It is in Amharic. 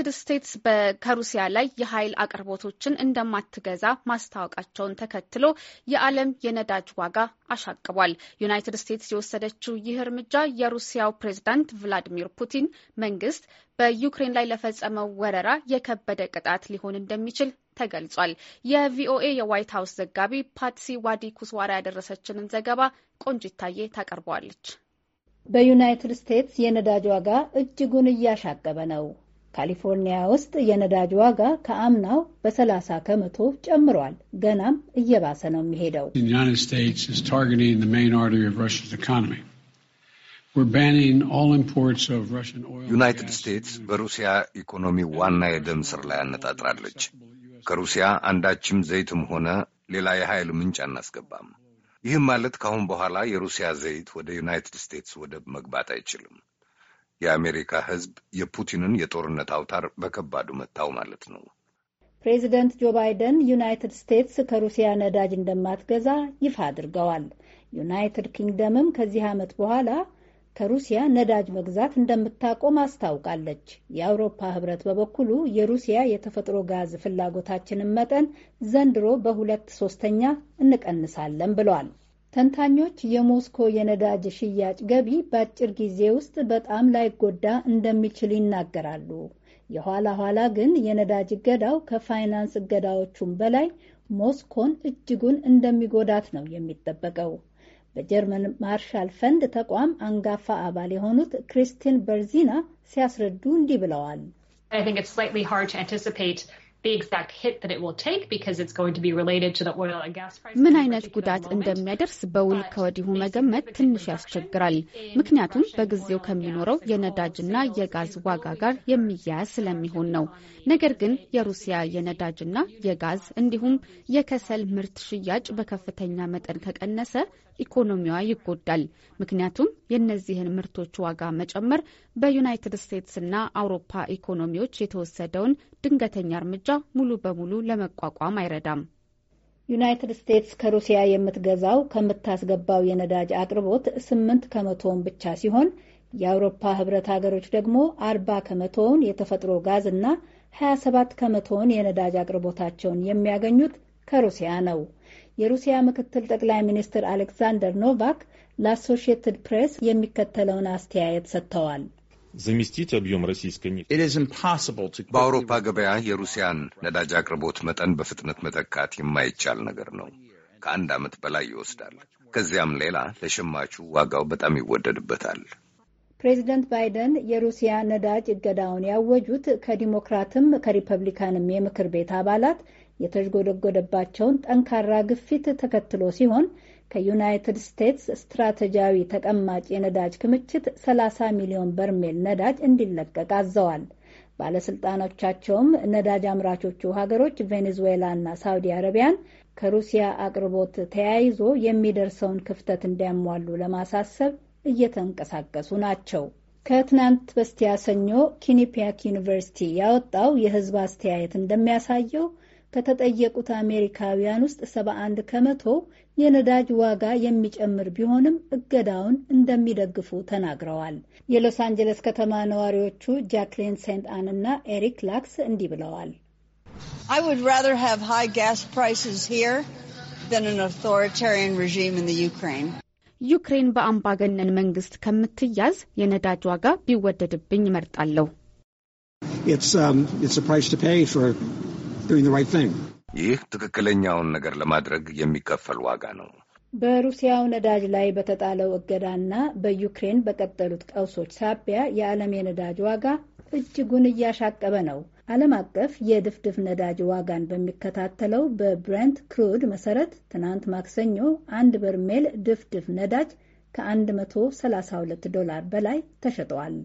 ዩናይትድ ስቴትስ ከሩሲያ ላይ የኃይል አቅርቦቶችን እንደማትገዛ ማስታወቃቸውን ተከትሎ የዓለም የነዳጅ ዋጋ አሻቅቧል። ዩናይትድ ስቴትስ የወሰደችው ይህ እርምጃ የሩሲያው ፕሬዝዳንት ቭላዲሚር ፑቲን መንግስት በዩክሬን ላይ ለፈጸመው ወረራ የከበደ ቅጣት ሊሆን እንደሚችል ተገልጿል። የቪኦኤ የዋይት ሀውስ ዘጋቢ ፓትሲ ዋዲ ኩስዋራ ያደረሰችንን ዘገባ ቆንጂታዬ ታቀርበዋለች። በዩናይትድ ስቴትስ የነዳጅ ዋጋ እጅጉን እያሻቀበ ነው። ካሊፎርኒያ ውስጥ የነዳጅ ዋጋ ከአምናው በ30 ከመቶ ጨምሯል። ገናም እየባሰ ነው የሚሄደው። ዩናይትድ ስቴትስ በሩሲያ ኢኮኖሚ ዋና የደም ስር ላይ አነጣጥራለች። ከሩሲያ አንዳችም ዘይትም ሆነ ሌላ የኃይል ምንጭ አናስገባም። ይህም ማለት ከአሁን በኋላ የሩሲያ ዘይት ወደ ዩናይትድ ስቴትስ ወደብ መግባት አይችልም። የአሜሪካ ሕዝብ የፑቲንን የጦርነት አውታር በከባዱ መታው ማለት ነው። ፕሬዚደንት ጆ ባይደን ዩናይትድ ስቴትስ ከሩሲያ ነዳጅ እንደማትገዛ ይፋ አድርገዋል። ዩናይትድ ኪንግደምም ከዚህ ዓመት በኋላ ከሩሲያ ነዳጅ መግዛት እንደምታቆም አስታውቃለች። የአውሮፓ ህብረት በበኩሉ የሩሲያ የተፈጥሮ ጋዝ ፍላጎታችንን መጠን ዘንድሮ በሁለት ሶስተኛ እንቀንሳለን ብሏል። ተንታኞች የሞስኮ የነዳጅ ሽያጭ ገቢ በአጭር ጊዜ ውስጥ በጣም ላይጎዳ እንደሚችል ይናገራሉ። የኋላ ኋላ ግን የነዳጅ እገዳው ከፋይናንስ እገዳዎቹም በላይ ሞስኮን እጅጉን እንደሚጎዳት ነው የሚጠበቀው። በጀርመን ማርሻል ፈንድ ተቋም አንጋፋ አባል የሆኑት ክሪስቲን በርዚና ሲያስረዱ እንዲህ ብለዋል። ምን አይነት ጉዳት እንደሚያደርስ በውል ከወዲሁ መገመት ትንሽ ያስቸግራል። ምክንያቱም በጊዜው ከሚኖረው የነዳጅና የጋዝ ዋጋ ጋር የሚያያዝ ስለሚሆን ነው። ነገር ግን የሩሲያ የነዳጅና የጋዝ እንዲሁም የከሰል ምርት ሽያጭ በከፍተኛ መጠን ከቀነሰ ኢኮኖሚዋ ይጎዳል። ምክንያቱም የእነዚህን ምርቶች ዋጋ መጨመር በዩናይትድ ስቴትስና አውሮፓ ኢኮኖሚዎች የተወሰደውን ድንገተኛ እርምጃ ሙሉ በሙሉ ለመቋቋም አይረዳም። ዩናይትድ ስቴትስ ከሩሲያ የምትገዛው ከምታስገባው የነዳጅ አቅርቦት ስምንት ከመቶውን ብቻ ሲሆን የአውሮፓ ህብረት ሀገሮች ደግሞ አርባ ከመቶውን የተፈጥሮ ጋዝ እና ሀያ ሰባት ከመቶውን የነዳጅ አቅርቦታቸውን የሚያገኙት ከሩሲያ ነው። የሩሲያ ምክትል ጠቅላይ ሚኒስትር አሌክዛንደር ኖቫክ ለአሶሺየትድ ፕሬስ የሚከተለውን አስተያየት ሰጥተዋል። заместить объем российской нефти. በአውሮፓ ገበያ የሩሲያን ነዳጅ አቅርቦት መጠን በፍጥነት መተካት የማይቻል ነገር ነው። ከአንድ ዓመት በላይ ይወስዳል። ከዚያም ሌላ ለሸማቹ ዋጋው በጣም ይወደድበታል። ፕሬዚደንት ባይደን የሩሲያ ነዳጅ እገዳውን ያወጁት ከዲሞክራትም ከሪፐብሊካንም የምክር ቤት አባላት የተዥጎደጎደባቸውን ጠንካራ ግፊት ተከትሎ ሲሆን ከዩናይትድ ስቴትስ ስትራቴጂያዊ ተቀማጭ የነዳጅ ክምችት 30 ሚሊዮን በርሜል ነዳጅ እንዲለቀቅ አዘዋል። ባለስልጣኖቻቸውም ነዳጅ አምራቾቹ ሀገሮች እና ሳውዲ አረቢያን ከሩሲያ አቅርቦት ተያይዞ የሚደርሰውን ክፍተት እንዲያሟሉ ለማሳሰብ እየተንቀሳቀሱ ናቸው። ከትናንት በስቲያ ሰኞ ኪኒፒያክ ዩኒቨርሲቲ ያወጣው የሕዝብ አስተያየት እንደሚያሳየው ከተጠየቁት አሜሪካውያን ውስጥ 71 ከመቶ የነዳጅ ዋጋ የሚጨምር ቢሆንም እገዳውን እንደሚደግፉ ተናግረዋል። የሎስ አንጀለስ ከተማ ነዋሪዎቹ ጃክሊን ሴንት አን እና ኤሪክ ላክስ እንዲህ ብለዋል። ዩክሬን በአምባገነን መንግስት ከምትያዝ የነዳጅ ዋጋ ቢወደድብኝ እመርጣለሁ። um, ይህ ትክክለኛውን ነገር ለማድረግ የሚከፈል ዋጋ ነው። በሩሲያው ነዳጅ ላይ በተጣለው እገዳና በዩክሬን በቀጠሉት ቀውሶች ሳቢያ የዓለም የነዳጅ ዋጋ እጅጉን እያሻቀበ ነው። ዓለም አቀፍ የድፍድፍ ነዳጅ ዋጋን በሚከታተለው በብረንት ክሩድ መሰረት ትናንት ማክሰኞ አንድ በርሜል ድፍድፍ ነዳጅ ከ132 ዶላር በላይ ተሸጠዋል።